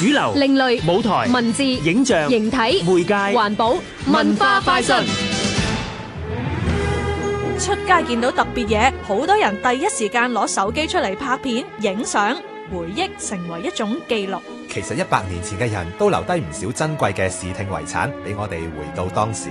主流、另類舞台、文字、影像、形體、媒介、環保、文化快訊。出街見到特別嘢，好多人第一時間攞手機出嚟拍片、影相，回憶成為一種記錄。其實一百年前嘅人都留低唔少珍貴嘅視聽遺產，畀我哋回到當時。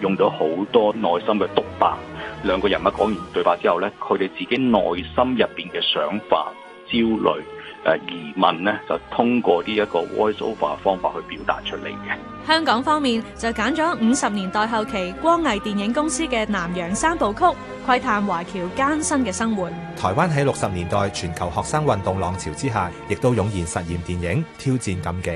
用咗好多內心嘅獨白，兩個人物講完對白之後咧，佢哋自己內心入邊嘅想法、焦慮、誒疑問咧，就通過呢一個 voiceover 方法去表達出嚟嘅。香港方面就揀咗五十年代後期光藝電影公司嘅《南洋三部曲》，窺探華僑艱辛嘅生活。台灣喺六十年代全球學生運動浪潮之下，亦都湧現實驗電影《挑戰禁忌》。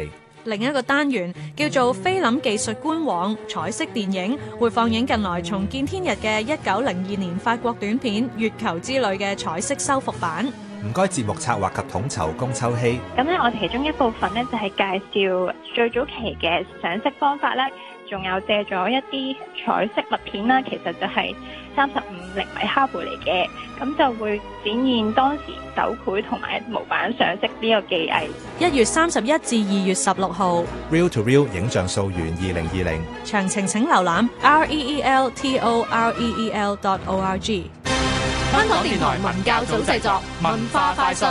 另一個單元叫做菲林技術官網彩色電影，會放映近來重見天日嘅一九零二年法國短片《月球之旅》嘅彩色修復版。唔該，節目策劃及統籌公秋希。咁咧，我哋其中一部分咧就係介紹最早期嘅上色方法啦。仲有借咗一啲彩色木片啦，其實就係三十五釐米卡布嚟嘅，咁就會展現當時手繪同埋模板上色呢個技藝。一月三十一至二月十六號，Real to Real 影像溯源二零二零，詳情請瀏覽 r e e l t o r e e l dot o r g。香港電台文教組製作，文化快訊。